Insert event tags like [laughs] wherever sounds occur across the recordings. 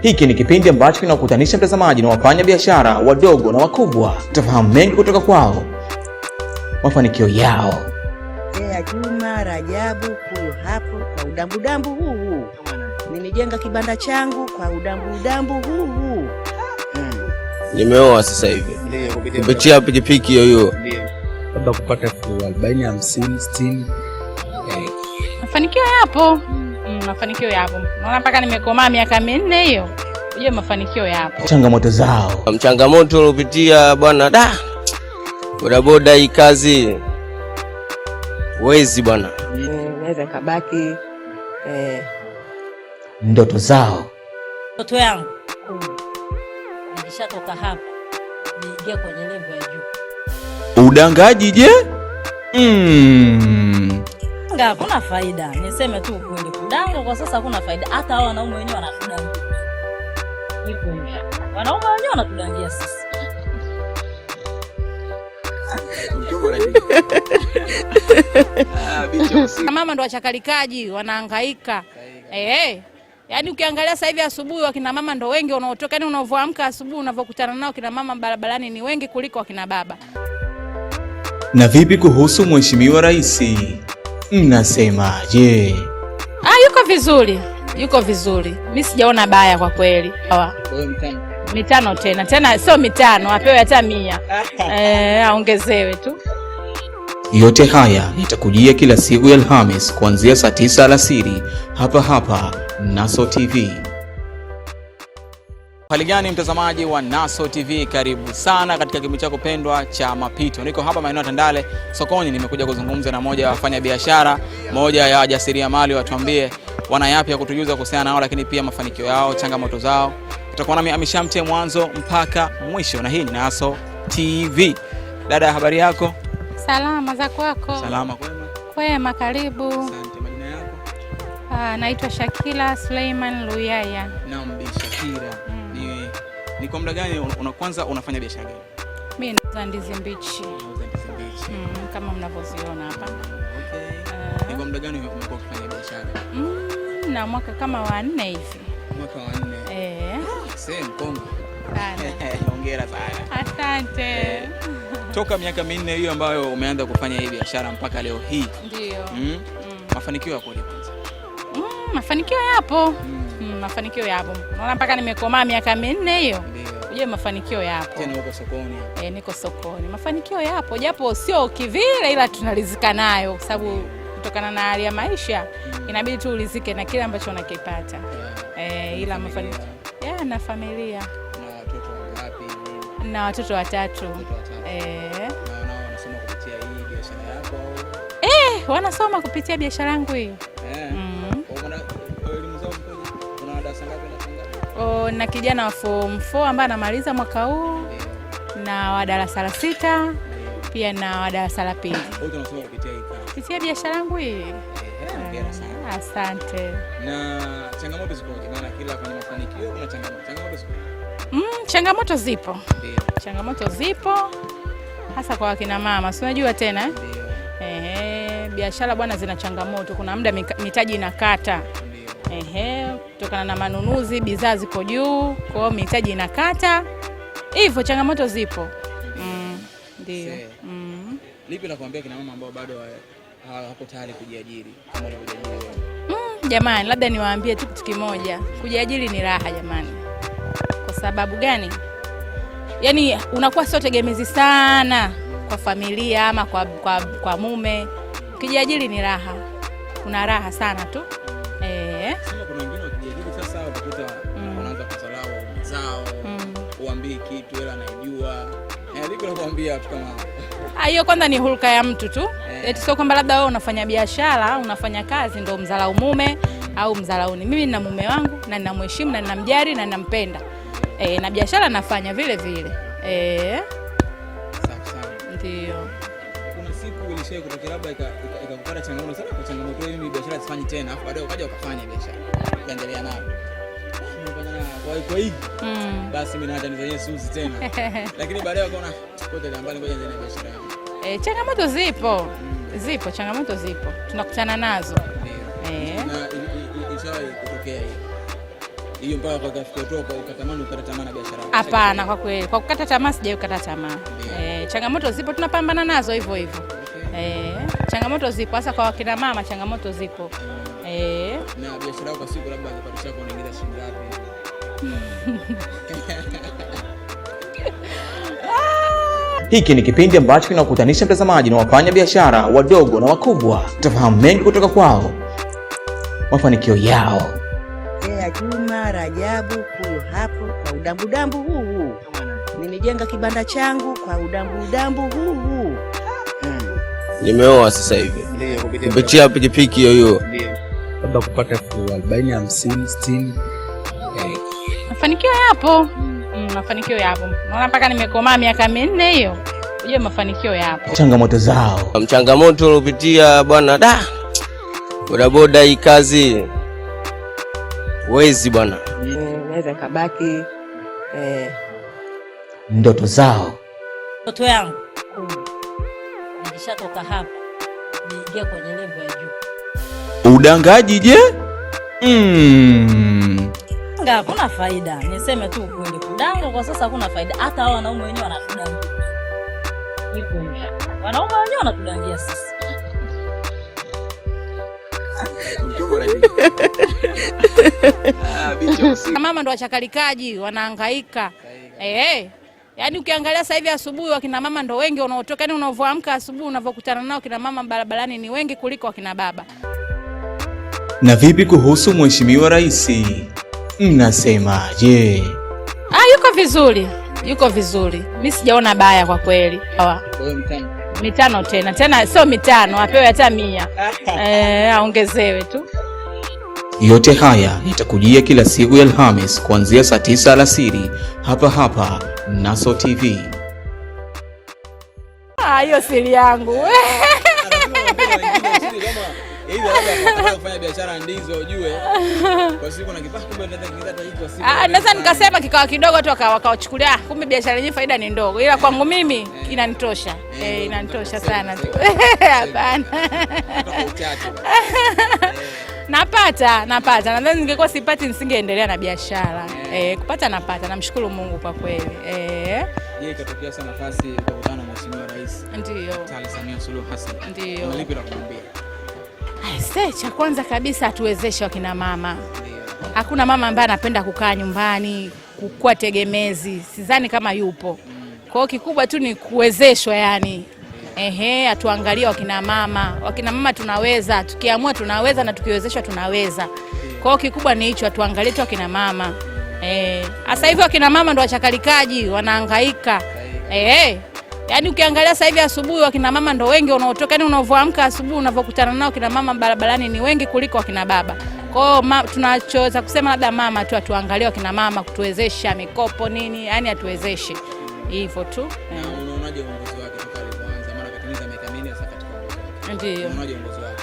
Hiki ni kipindi ambacho kinakutanisha mtazamaji na wafanya biashara wadogo na wakubwa. Tafahamu mengi kutoka kwao, mafanikio yao. Ea ee Juma Rajabu, huyo hapo kwa udambudambu huu huu, nimejenga kibanda changu kwa udambudambu huu huu. Mm. Nimeoa sasa hivi kupitia pikipiki hiyo hiyo, labda kupata elfu arobaini hamsini sitini. Mafanikio yapo. Hmm mafanikio yapo. Naona mpaka nimekomaa miaka minne hiyo, ujue mafanikio yapo. Changamoto zao, changamoto uliopitia bwana, da bodaboda hii kazi wezi bwana, naweza kabaki eh. Ndoto zao, ndoto yangu nikishatoka hapa niingia kwenye level ya juu. Udangaji je? mm kudanga hakuna faida, niseme tu ukweli. Kudanga kwa sasa hakuna faida, hata hao wanaume wenyewe wanakudanga. Wanaume wenyewe wanatudangia sisi. [laughs] Mama ndo wachakalikaji wanahangaika. Eh, yaani ukiangalia sasa hivi asubuhi wakina mama ndo wengi wanaotoka, yaani unavyoamka asubuhi unavyokutana nao kina mama barabarani ni wengi kuliko wakina baba. Na vipi kuhusu Mheshimiwa Rais? mnasemaje? Ah, yuko vizuri, yuko vizuri, mi sijaona baya kwa kweli. Mitano tena tena, sio mitano, apewe hata mia [laughs] eh, aongezewe tu. Yote haya yatakujia kila siku ya Alhamis kuanzia saa tisa alasiri hapa hapa Naso TV. Hali gani mtazamaji wa Naso TV, karibu sana katika kipindi chako pendwa cha Mapito. Niko hapa maeneo ya Tandale sokoni, nimekuja kuzungumza na moja ya biashara moja ya wajasiriamali, watuambie wana yapi ya kutujuza kuhusiana nao, lakini pia mafanikio yao, changamoto zao. Utakuwa nami Amishamte mwanzo mpaka mwisho, na hii ni Naso TV. Dada ya habari yako? Salama za kwako? Salama kwema? Kwema, karibu. Asante. Majina yako? Ah, naitwa Shakila Suleiman Luyaya. Naam, Bi Shakila. Ni kwa muda gani una kwanza unafanya biashara gani? Mimi nauza ndizi mbichi. Nauza ndizi mbichi. Mm, kama mnavyoziona hapa. Okay. Uh, ni kwa muda gani umekuwa ukifanya biashara? Mm, na mwaka kama wa nne hivi. Mwaka wa nne. Eh. Same Kongo. Sana. [laughs] Hongera sana. Asante. Eh. Toka miaka minne hiyo ambayo umeanza kufanya hii biashara mpaka leo hii. Ndio. Mm. Mm. Mafanikio yako kwanza? Mm, mafanikio yapo. Mm mm, mafanikio yapo. Naona mpaka nimekomaa miaka minne hiyo. Ndio. Mafanikio yapo. Tena uko sokoni. Eh, niko sokoni. Mafanikio yapo japo sio kivile, ila tunalizika nayo kwa sababu kutokana na hali ya maisha mm, inabidi tu ulizike na kile ambacho unakipata. Yeah. Eh, ila mafanikio yeah, na familia na watoto wangapi? Na watoto watatu. E. Eh wanasoma kupitia biashara yangu hii. Eh. Mm. na kijana wa form 4 ambaye anamaliza mwaka huu na wa darasa la sita pia na wa darasa la pili kupitia biashara yangu hii. Eh, ah, asante. Na changamoto zipo kwa kila kwenye mafanikio kuna changamoto. Changamoto zipo. Mm, changamoto zipo. Ndio. Changamoto zipo hasa kwa wakina mama, si unajua tena eh, biashara bwana zina changamoto, kuna muda mitaji inakata Ehe, kutokana na manunuzi bidhaa ziko juu, kwa hiyo mitaji inakata hivyo, changamoto zipo mm, ndio. Mm, lipi la kuambia kina mama ambao bado hawako tayari kujiajiri kama walivyojiajiri? Mm, jamani, labda niwaambie tu kitu kimoja, kujiajiri ni raha jamani. Kwa sababu gani? Yaani unakuwa sio tegemezi sana kwa familia ama kwa, kwa, kwa mume. Kujiajiri ni raha, kuna raha sana tu. hela naijua. Eh, liko nakwambia watu kama ah, hiyo kwanza ni hulka ya mtu tu yeah. sio kwamba labda wewe unafanya biashara unafanya kazi ndo mzalau mume au mzalauni Mimi nina mume wangu na ninamheshimu na ninamjali na ninampenda e, na biashara nafanya vile vile e. Ndio kuna siku ilishia kutokea labda ikakupata changamoto sana, kwa changamoto hiyo mimi biashara sifanyi tena, afu baadaye ukaja ukafanya biashara ukaendelea nayo kwa mm. Basi mimi naacha suzi tena [laughs] lakini baadaye wakaona kote ngoja biashara yangu. Eh, changamoto zipo mm. Zipo changamoto zipo, tunakutana nazo eh, kutokea hiyo hiyo mpaka kwa kafikia ukatamani ukata tamaa na biashara Hapana, kwa kweli kwa kukata tamaa sijai kukata tamaa Eh, changamoto zipo tunapambana nazo hivyo hivyo Eh, changamoto zipo hasa kwa wakina mama, changamoto zipo mm. Eh, na biashara yako siku labda kwa shilingi ngapi? [laughs] Hiki ni kipindi ambacho kinakutanisha mtazamaji na wafanya biashara wadogo na wakubwa. Tafahamu mengi kutoka kwao, mafanikio yao. Ea Juma Rajabu huyo hapo, kwa udambudambu huu huu nimejenga kibanda changu kwa udambudambu huu huu. Mm. Nimeoa sasa hivi kupitia pikipiki hiyo hiyo, labda kupata elfu arobaini hamsini sitini mafanikio yapo mm, mafanikio yapo. Naona mpaka nimekomaa miaka minne hiyo, ujue mafanikio yapo. Changamoto zao, mchangamoto uliopitia bwana, da bodaboda hii kazi wezi bwana, eh, naweza kabaki eh. Ndoto zao, ndoto yangu nikishatoka hapa niingie kwenye level ya juu. Udangaji je? mm kudanga hakuna faida, niseme tu ukweli. Kudanga kwa sasa hakuna faida, hata hao wanaume wenyewe wanakudanga. Wanaume wenyewe wanatudangia sisi. Mama ndo wachakalikaji wanahangaika. Eh, eh, yaani ukiangalia sasa hivi asubuhi wakina mama ndo wengi wanaotoka, yaani unavyoamka asubuhi unavyokutana nao kina mama barabarani ni wengi kuliko wakina baba. Na vipi kuhusu Mheshimiwa Rais? mnasemaje? Ah, yuko vizuri, yuko vizuri, mi sijaona baya kwa kweli. Mitano tena tena, sio mitano, apewe hata mia [laughs] eh, aongezewe tu. Yote haya yatakujia kila siku ya Alhamis kuanzia saa tisa alasiri hapa hapa Naso TV. Ah, hiyo siri yangu [laughs] Naweza nikasema kikawa kidogo tu wakawachukulia, kumbe biashara yenyewe faida ni ndogo, ila kwangu mimi eh. inanitosha, eh, eh, inanitosha sana [laughs] Hapana, [laughs] napata napata, nadhani ningekuwa sipati nisingeendelea na biashara. Kupata napata, namshukuru Mungu kwa kweli. Je, ikatokea sana nafasi na Mheshimiwa Rais Ndio Samia Suluhu Hassan, ndio la Aise, cha kwanza kabisa atuwezeshe wakina mama. Hakuna mama ambaye anapenda kukaa nyumbani kukua tegemezi, sidhani kama yupo. Kwa hiyo kikubwa tu ni kuwezeshwa, yani ehe, atuangalie wakina mama. Wakina mama tunaweza, tukiamua tunaweza, na tukiwezeshwa tunaweza. Kwa hiyo kikubwa ni hicho, atuangalie tu wakina mama. Eh, sasa hivi wakina mama ndo wachakalikaji, wanahangaika. Eh, Yaani ukiangalia sasa hivi asubuhi wakina mama ndo wengi wanaotoka, yani unavyoamka asubuhi unavyokutana nao kina mama barabarani ni wengi kuliko wakina baba. Kwa hiyo tunachoweza kusema labda mama tu atuangalie wakina mama kutuwezesha mikopo nini, yani atuwezeshe hivyo tu. Unaonaje uongozi wake toka alipoanza? Maana katimiza miaka minne sasa katika uongozi. Ndio. Unaonaje uongozi wake?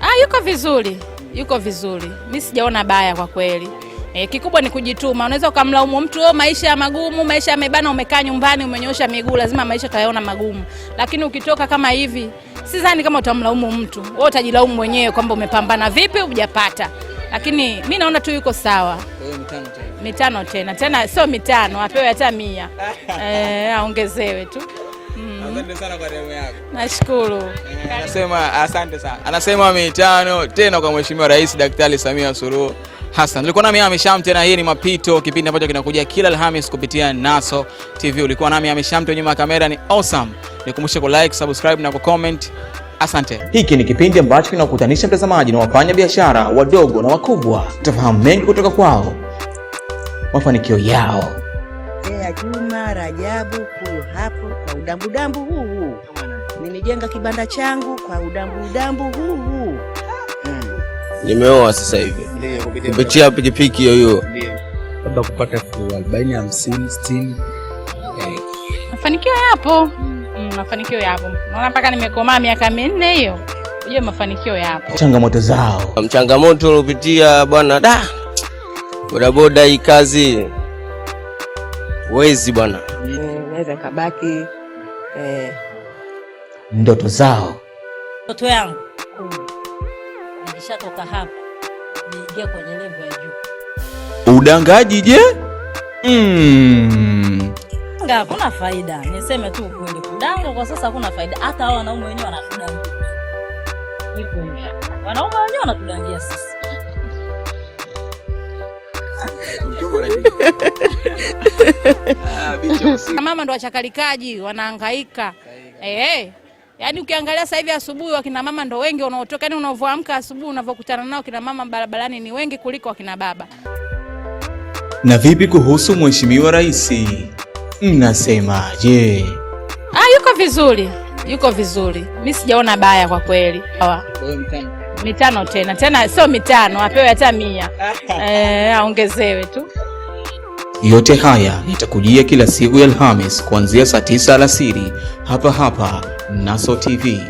Ah, yuko vizuri. Yuko vizuri. Mimi sijaona baya kwa kweli. E, kikubwa ni kujituma. Unaweza ukamlaumu mtu oh, maisha magumu, maisha yamebana, umekaa nyumbani, umenyosha miguu, lazima maisha utayaona magumu, lakini ukitoka kama hivi, sidhani kama utamlaumu mtu. Wewe utajilaumu mwenyewe kwamba umepambana vipi hujapata, lakini mi naona tu yuko sawa. Mitano tena tena, sio mitano, apewe hata mia [laughs] Eh, aongezewe tu. Mm. Nashukuru. Eh, anasema asante sana. Anasema mitano tena kwa Mheshimiwa Rais Daktari Samia Suluhu Hassan. Nilikuwa nami Ahmed Shamte na hii ni Mapito, kipindi ambacho kinakuja kila Alhamis kupitia Naso TV. Ulikuwa nami Ahmed Shamte, nyuma ya kamera ni Awesome. Nikukumbushe ku like, subscribe na ku comment. Asante. Hiki ni kipindi ambacho kinakutanisha mtazamaji na wafanya biashara wadogo na wakubwa. Utafahamu mengi kutoka kwao, mafanikio yao. Eh, Juma Rajabu huyu hapo, kwa udambudambu huu huu Nilijenga kibanda changu kwa udambudambu huu huu nimeoa sasa hivi kupitia pikipiki hiyo hiyo, labda kupata elfu arobaini hamsini sitini. Mafanikio yapo, mm, mafanikio yapo, naona mpaka nimekomaa miaka minne hiyo. Ujue mafanikio yapo, changamoto zao, mchangamoto uliopitia bwana, da bodaboda hii kazi wezi bwana, naweza kabaki eh, ndoto zao, ndoto yangu nishatoka hapa, niingia kwenye levu ya juu. Udangaji je? Mm. Hakuna faida, niseme tu ukweli. Kudanga kwa sasa hakuna faida, hata hao wanaume wenyewe wanakudanga. Ipo wanaume wenyewe wanatudangia sisi. [laughs] Ah, Mama ndo wachakalikaji wanahangaika. Hey, eh, eh. hey. Yaani ukiangalia sasa hivi asubuhi wakina mama ndo wengi wanaotoka, yani unavyoamka asubuhi unavyokutana nao kina mama barabarani ni wengi kuliko wakina baba. Na vipi kuhusu Mheshimiwa Rais, mnasemaje? Yeah. Ah, yuko vizuri, yuko vizuri, mi sijaona baya kwa kweli. Mitano tena tena, sio mitano, apewe hata mia, [laughs] eh, aongezewe tu. Yote haya yatakujia kila siku ya Alhamis kuanzia saa 9 alasiri hapa hapa Naso TV.